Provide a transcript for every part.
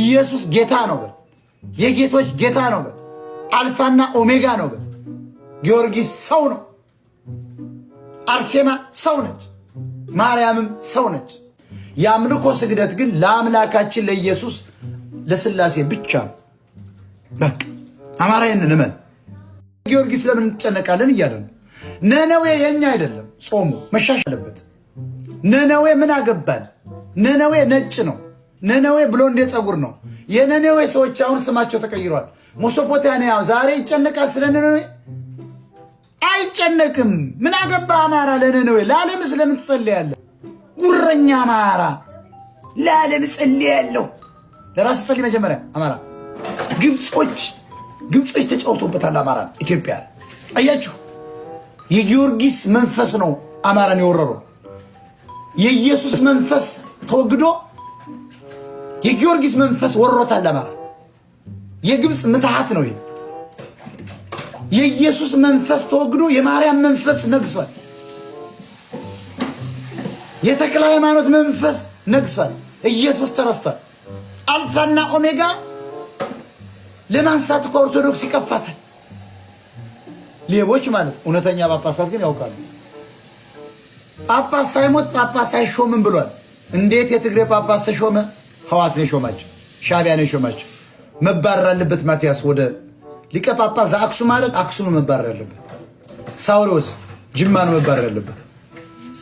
ኢየሱስ ጌታ ነው በል። የጌቶች ጌታ ነው በል። አልፋና ኦሜጋ ነው በል። ጊዮርጊስ ሰው ነው። አርሴማ ሰው ነች። ማርያምም ሰው ነች። የአምልኮ ስግደት ግን ለአምላካችን ለኢየሱስ ለስላሴ ብቻ ነው። በቃ አማራዬን ልመን ጊዮርጊስ ለምን እንጨነቃለን እያለ ነው። ነነዌ የኛ አይደለም። ጾሙ መሻሻል አለበት። ነነዌ ምን አገባል? ነነዌ ነጭ ነው። ነነዌ ብሎ እንደ ፀጉር ነው። የነነዌ ሰዎች አሁን ስማቸው ተቀይሯል። ሞሶፖታሚያ ዛሬ ይጨነቃል ስለ ነነዌ አይጨነቅም። ምን አገባ አማራ ለነነዌ? ለዓለም ስለምን ትጸልያለ? ጉረኛ አማራ ለዓለም ጸልያለሁ። ለራስ ጸልይ መጀመሪያ። አማራ ግብጾች ግብጾች ተጫውቶበታል። አማራ ኢትዮጵያ አያችሁ፣ የጊዮርጊስ መንፈስ ነው አማራን የወረረው። የኢየሱስ መንፈስ ተወግዶ የጊዮርጊስ መንፈስ ወሮታል አማራን። የግብፅ ምትሃት ነው። የኢየሱስ መንፈስ ተወግዶ የማርያም መንፈስ ነግሷል። የተክለ ሃይማኖት መንፈስ ነግሷል። ኢየሱስ ተረስቷል። አልፋና ኦሜጋ ለማንሳት እኮ ኦርቶዶክስ ይቀፋታል። ሌቦች ማለት እውነተኛ ጳጳሳት ግን ያውቃሉ። ጳጳስ ሳይሞት ጳጳስ አይሾምም ብሏል። እንዴት የትግሬ ጳጳስ ተሾመ? ህዋት ነው የሾማቸው፣ ሻቢያ ነው የሾማቸው። መባረር አለበት ማቲያስ ወደ ሊቀ ጳጳስ ዘአክሱም ማለት አክሱም ነው መባረር ያለበት። ሳውሪዎስ ጅማ ነው መባረር ያለበት።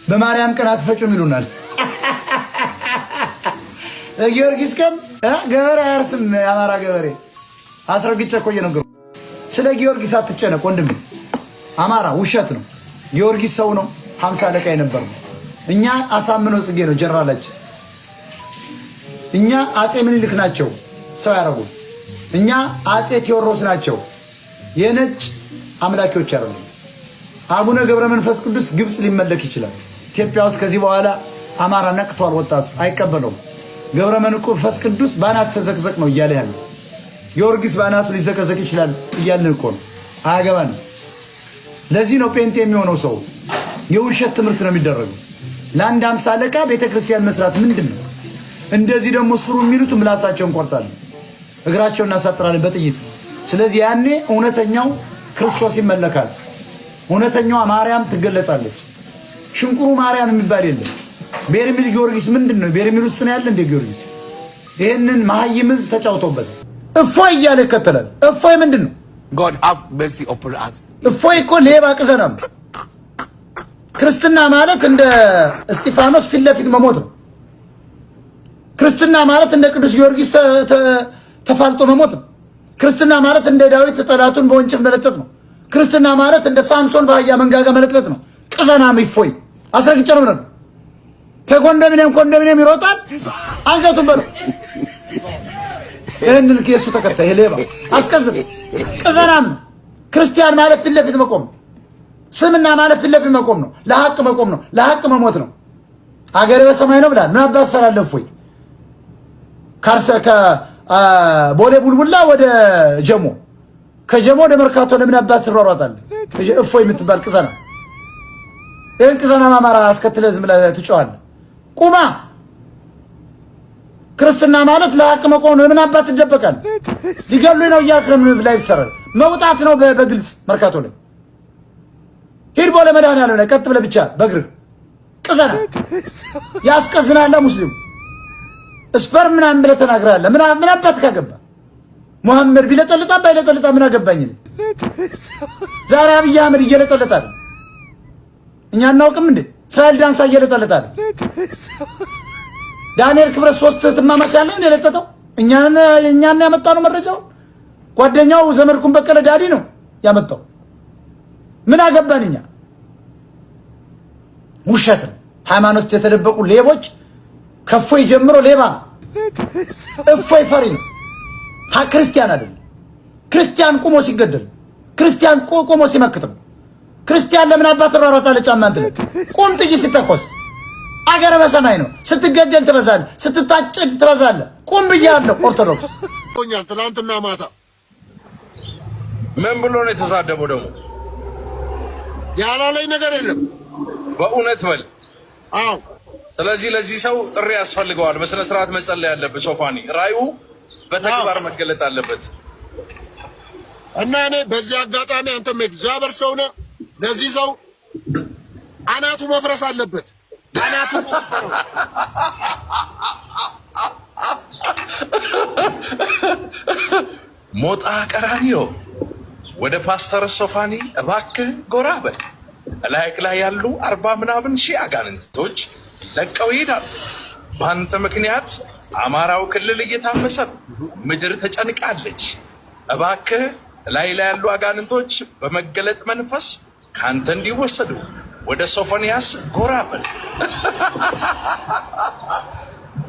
በማርያም ቀን አትፈጩም ይሉናል። ጊዮርጊስ ቀን ገበሬ አያርስም። የአማራ ገበሬ አስረግጬ እኮ እየነገሩ ስለ ጊዮርጊስ አትጨነቅ ወንድም። አማራ ውሸት ነው። ጊዮርጊስ ሰው ነው። ሀምሳ አለቃ የነበር ነው። እኛ አሳምነው ጽጌ ነው ጀራላችን እኛ አጼ ምኒልክ ናቸው ሰው ያረጉ፣ እኛ አጼ ቴዎድሮስ ናቸው የነጭ አምላኪዎች ያደረጉ። አቡነ ገብረ መንፈስ ቅዱስ ግብፅ ሊመለክ ይችላል። ኢትዮጵያ ውስጥ ከዚህ በኋላ አማራ ነቅቷል። ወጣቱ አይቀበለውም። ገብረ መንፈስ ቅዱስ ባናት ተዘቅዘቅ ነው እያለ ያለ ጊዮርጊስ ባናቱ ሊዘቀዘቅ ይችላል እያልን እኮ ነው። አያገባንም። ለዚህ ነው ጴንጤ የሚሆነው ሰው የውሸት ትምህርት ነው የሚደረገው። ለአንድ አምሳ አለቃ ቤተክርስቲያን መስራት ምንድን ነው? እንደዚህ ደግሞ ስሩ የሚሉት ምላሳቸው እንቆርጣለን፣ እግራቸው እናሳጥራለን በጥይት። ስለዚህ ያኔ እውነተኛው ክርስቶስ ይመለካል። እውነተኛዋ ማርያም ትገለጻለች። ሽንቁሩ ማርያም የሚባል የለም። ቤርሚል ጊዮርጊስ ምንድን ነው? ቤርሚል ውስጥ ነው ያለ እንደ ጊዮርጊስ። ይህንን መሀይም ህዝብ ተጫውቶበታል። እፎይ እያለ ይከተላል። እፎይ ምንድን ነው? እፎይ እኮ ሌባ ቅዘናም። ክርስትና ማለት እንደ እስጢፋኖስ ፊት ለፊት መሞት ነው። ክርስትና ማለት እንደ ቅዱስ ጊዮርጊስ ተፋልጦ መሞት ነው። ክርስትና ማለት እንደ ዳዊት ጠላቱን በወንጭፍ መለጠጥ ነው። ክርስትና ማለት እንደ ሳምሶን በአህያ መንጋጋ መለጠጥ ነው። ቅዘናም ይፎይ አስረግጬ ነው ምነው ከኮንዶሚኒየም ኮንዶሚኒየም ይሮጣል አንገቱን በለው። ይህንን የእሱ ተከታይ ሌባ አስቀዝም ቅዘናም ክርስቲያን ማለት ፊት ለፊት መቆም ስምና ማለት ፊት ለፊት መቆም ነው። ለሀቅ መቆም ነው። ለሀቅ መሞት ነው። አገሬ በሰማይ ነው ብላል ምን አባት ሰራለን ከቦሌ ቡልቡላ ወደ ጀሞ ከጀሞ ወደ መርካቶ ለምን አባት ትሯሯጣለህ? እፎ የምትባል ቅሰና ይህን ቅሰና ማማራ አስከትለ ዝም ብለህ ትጨዋለህ። ቁማ ክርስትና ማለት ለሀቅ መቆም ነው። ለምን አባት ትደበቃል? ሊገሉ ነው እያልክ ለምን ላይ ትሰራለህ? መውጣት ነው በግልጽ መርካቶ ላይ ሂድ ቦለ መድኃኒዓለም ቀጥ ብለህ ብቻ በእግርህ ቅሰና ያስቀዝናለህ ሙስሊሙ ስፐር ምናምን ብለህ ተናግራለህ። ምን አባት ካገባ ሙሐመድ ቢለጠልጣ ባይለጠልጣ ምን አገባኝ? ዛሬ አብይ አህመድ እየለጠልጣ ነው። እኛ እናውቅም እንዴ? እስራኤል ዳንሳ እየለጠልጣ ነው። ዳንኤል ክብረት ሶስት ትማማች ያለ እንደ ለጠጠው እኛን እኛን ያመጣ ነው መረጃው። ጓደኛው ዘመድኩን በቀለ ዳዲ ነው ያመጣው። ምን አገባን እኛ? ውሸት ነው። ሃይማኖት የተደበቁ ሌቦች ከፎይ ጀምሮ ሌባ እፎይ ፈሪ ነው። ክርስቲያን አይደለም። ክርስቲያን ቁሞ ሲገደል፣ ክርስቲያን ቁሞ ሲመክት ነው። ክርስቲያን ለምን አባት ራራታ ለጫማ እንትን ቁም ጥይት ሲተኮስ አገረ በሰማይ ነው። ስትገደል ትበዛለ ስትታጨድ ትበዛል ቁም ብያለሁ። ኦርቶዶክስ ኛል ትናንትና ማታ ምን ብሎ ነው የተሳደበው? ደግሞ ያላላይ ነገር የለም። በእውነት በል አዎ ስለዚህ ለዚህ ሰው ጥሪ ያስፈልገዋል። በስነ ስርዓት መጸለይ ያለበት ሶፋኒ ራዩ በተግባር መገለጥ አለበት እና እኔ በዚህ አጋጣሚ አንተም እግዚአብሔር ሰው ነህ። ለዚህ ሰው አናቱ መፍረስ አለበት። አናቱ ሞጣ ቀራኒዮ ወደ ፓስተር ሶፋኒ እባክህ ጎራ በል። ላይክ ላይ ያሉ አርባ ምናምን ሺህ አጋንንቶች ለቀው ይሄዳል። በአንተ ምክንያት አማራው ክልል እየታመሰ ምድር ተጨንቃለች። እባክህ ላይ ላይ ያሉ አጋንንቶች በመገለጥ መንፈስ ከአንተ እንዲወሰዱ ወደ ሶፎንያስ ጎራ በል።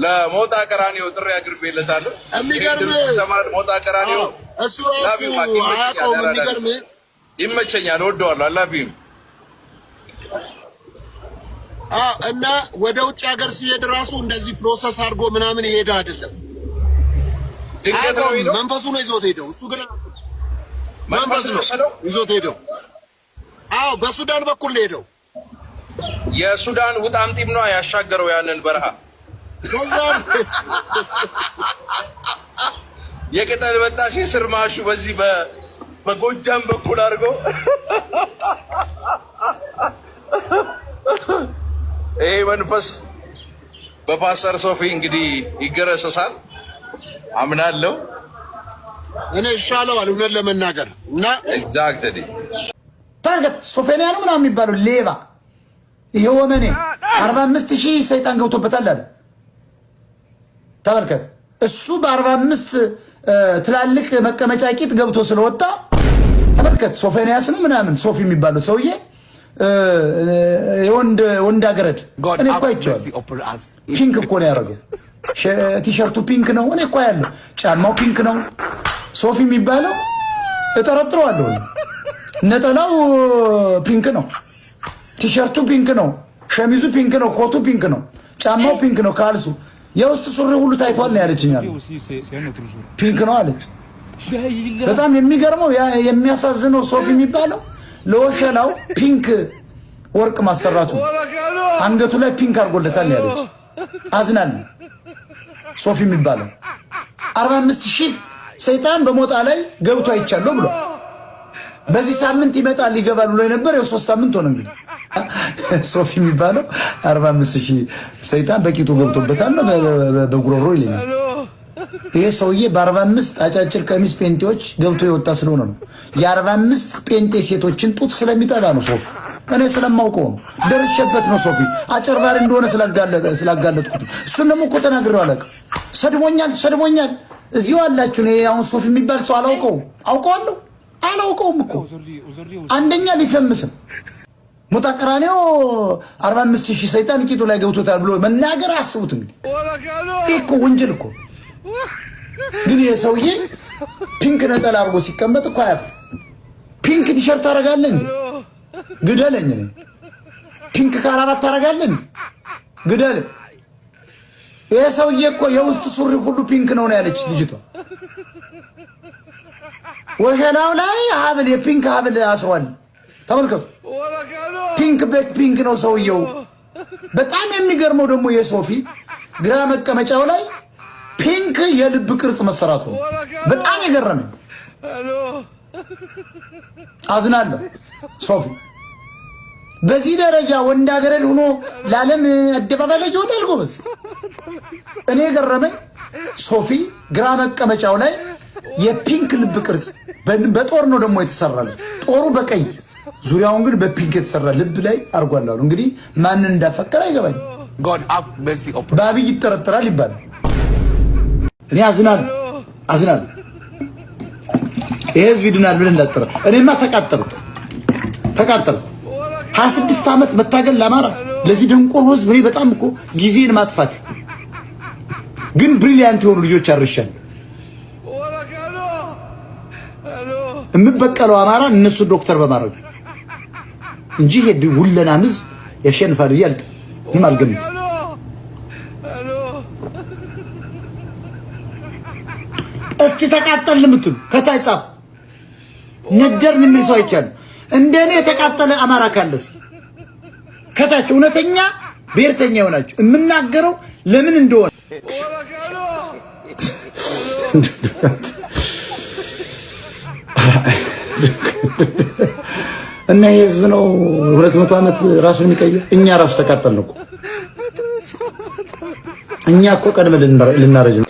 ለሞጣ ቀራኒዮ ጥሪ አቅርቤለታለሁ። የሚገርም ሞጣ ቀራኒዮ እሱ ራሱ አያውቀውም። የሚገርም ይመቸኛል፣ እወደዋለሁ። አላፊም እና ወደ ውጭ ሀገር ሲሄድ ራሱ እንደዚህ ፕሮሰስ አድርጎ ምናምን ይሄድ አይደለም። መንፈሱ ነው ይዞት ሄደው። እሱ ግን መንፈስ ነው ይዞት ሄደው። አዎ በሱዳን በኩል ሄደው የሱዳን ውጣም ጢም ነው ያሻገረው ያንን በረሃ የቅጠል በጣሽ ስር ማሹ በዚህ በጎጃም በኩል አድርገው ይሄ መንፈስ በፓስተር ሶፊ እንግዲህ ይገረሰሳል አምናለሁ። እኔ ይሻለዋል እውነት ለመናገር እና ኤግዛክትሊ ታርገት ሶፊያ ነው ምናምን የሚባለው ሌባ ይሄ ወመኔ አርባ አምስት ሺህ ሰይጣን ገብቶበታል አለ። ተመልከት እሱ በአርባ አምስት ትላልቅ መቀመጫ ቂጥ ገብቶ ስለወጣ ተመልከት ሶፎንያስ ነው ምናምን ሶፊ የሚባለው ሰውዬ ወንድ አገረድ እኔ እኮ አይቼዋለሁ። ፒንክ እኮ ነው ያደረገው። ቲሸርቱ ፒንክ ነው። እኔ እኮ ያለው ጫማው ፒንክ ነው። ሶፊ የሚባለው እጠረጥረዋለሁ። ነጠላው ፒንክ ነው። ቲሸርቱ ፒንክ ነው። ሸሚዙ ፒንክ ነው። ኮቱ ፒንክ ነው። ጫማው ፒንክ ነው። ካልሱ የውስጥ ሱሪ ሁሉ ታይቷል ነው ያለችኛል። ፒንክ ነው አለች። በጣም የሚገርመው የሚያሳዝነው ሶፊ የሚባለው ለወሸላው ፒንክ ወርቅ ማሰራቱ አንገቱ ላይ ፒንክ አድርጎለታል ያለች አዝናል። ሶፊ የሚባለው አርባ አምስት ሺህ ሰይጣን በሞጣ ላይ ገብቶ አይቻለሁ ብሎ በዚህ ሳምንት ይመጣል ይገባል ብሎ የነበር ሶስት ሳምንት ሆነ። እንግዲህ ሶፊ የሚባለው አርባ አምስት ሺህ ሰይጣን በቂጡ ገብቶበታል ነው በጉሮሮ ይለኛል። ይህ ሰውዬ በአርባ አምስት አጫጭር ቀሚስ ጴንጤዎች ገብቶ የወጣ ስለሆነ ነው። የአርባ አምስት ጴንጤ ሴቶችን ጡት ስለሚጠላ ነው። ሶፊ እኔ ስለማውቀው ነው፣ ደርሼበት ነው። ሶፊ አጨርባሪ እንደሆነ ስላጋለጥኩት እሱን ደግሞ እኮ ተናግሬው አላውቅም። ሰድቦኛል፣ ሰድቦኛል። እዚሁ አላችሁ። እኔ አሁን ሶፊ የሚባል ሰው አላውቀው አውቀዋለሁ፣ አላውቀውም እኮ አንደኛ ሊፈምስም ሞታ ቀራኔው አርባ አምስት ሺህ ሰይጣን ቂጡ ላይ ገብቶታል ብሎ መናገር አስቡት። እንግዲህ ይህ እኮ ወንጀል እኮ ግን የሰውዬ ሰውዬ ፒንክ ነጠላ አድርጎ ሲቀመጥ እኮ አያፍ ፒንክ ቲሸርት ታደርጋለን። ግደለኝ። ፒንክ ካራባት ታደርጋለን። ግደል። ይህ ሰውዬ እኮ የውስጥ ሱሪ ሁሉ ፒንክ ነው ነው ያለች ልጅቷ። ወሸላው ላይ ሀብል የፒንክ ሀብል አስሯል። ተመልከቱ። ፒንክ ቤት ፒንክ ነው ሰውየው። በጣም የሚገርመው ደግሞ የሶፊ ግራ መቀመጫው ላይ ፒንክ የልብ ቅርጽ መሰራቱ በጣም የገረመኝ። አዝናለሁ ሶፊ። በዚህ ደረጃ ወንድ አገረድ ሆኖ ለዓለም አደባባይ ላይ ይወጣል ጎበዝ። እኔ የገረመኝ ሶፊ ግራ መቀመጫው ላይ የፒንክ ልብ ቅርጽ በጦር ነው ደግሞ የተሰራለ ጦሩ በቀይ ዙሪያውን ግን በፒንክ የተሰራ ልብ ላይ አድርጓል እንግዲህ ማንን እንዳፈቀረ አይገባኝ። በአብይ ይጠረጠራል ይባላል። እኔ አዝናል አዝናል ይሄ ህዝብ ይድናል ብለህ እንዳትጠራ። እኔማ ተቃጠልኩ ተቃጠልኩ። 26 ስድስት ዓመት መታገል ለአማራ ለዚህ ደንቆሮ ህዝብ እኔ በጣም እኮ ጊዜን ማጥፋት ግን ብሪሊያንት የሆኑ ልጆች አርሻለሁ። የምበቀለው አማራ እነሱ ዶክተር በማድረግ እንጂ ሄድ ሁለናም ህዝብ ያሸንፋል ብዬ ምን አልገምትም። ተቃጠል የምትሉ ከታይ ጻፍ ነደር የሚል ሰው አይቻልም። እንደኔ የተቃጠለ አማራ ካለስ ከታች እውነተኛ ብሔርተኛ የሆናችሁ የምናገረው ለምን እንደሆነ እና ይሄ ህዝብ ነው ሁለት መቶ ዓመት ራሱን የሚቀይር። እኛ ራሱ ተቃጠልን እኮ እኛ እኮ ቀድመን ልናረጅ ነው።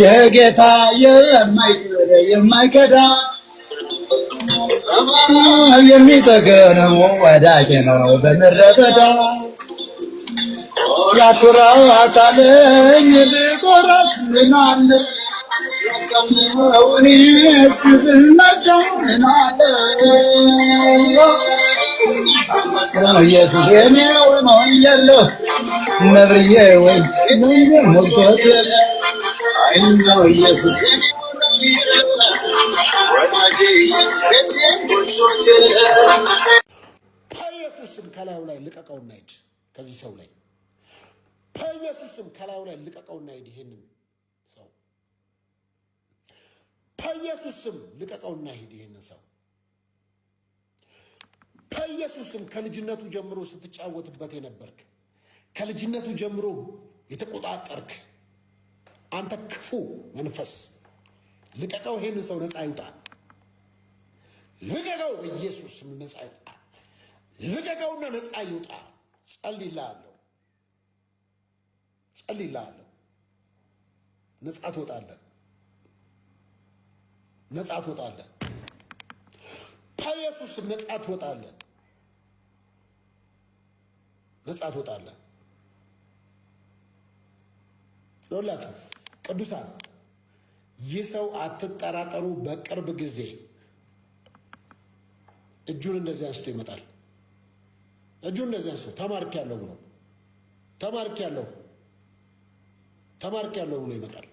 የጌታ የማይከዳ የሚጠገነው ወዳጅ ነው። በምረበዳ ያኩራታለኝ ልቆረስ ምናለ ኢየሱስ የኔ ስም ከላዩ ላይ ልቀቀውና ሂድ። ከዚህ ሰው ላይ በኢየሱስ ስም ከላዩ ላይ ልቀቀውና ሂድ ይሄንን በኢየሱስ ስም ልቀቀውና ሂድ። ይህንን ሰው በኢየሱስ ስም ከልጅነቱ ጀምሮ ስትጫወትበት የነበርክ ከልጅነቱ ጀምሮ የተቆጣጠርክ አንተ ክፉ መንፈስ ልቀቀው፣ ይሄንን ሰው ነፃ ይውጣ። ልቀቀው፣ በኢየሱስ ስም ነፃ ይውጣ። ልቀቀውና ነፃ ይውጣ። ጸልይልሃለሁ፣ ጸልይልሃለሁ። ነፃ ትወጣለህ። ነጻ ትወጣለህ። በኢየሱስም ነጻ ትወጣለህ። ነጻ ትወጣለህ። ይኸውላችሁ ቅዱሳን፣ ይህ ሰው አትጠራጠሩ፣ በቅርብ ጊዜ እጁን እንደዚህ አንስቶ ይመጣል። እጁን እንደዚህ አንስቶ ተማርክ ያለው ብሎ ተማርክ ያለው ተማርክ ያለው ብሎ ይመጣል።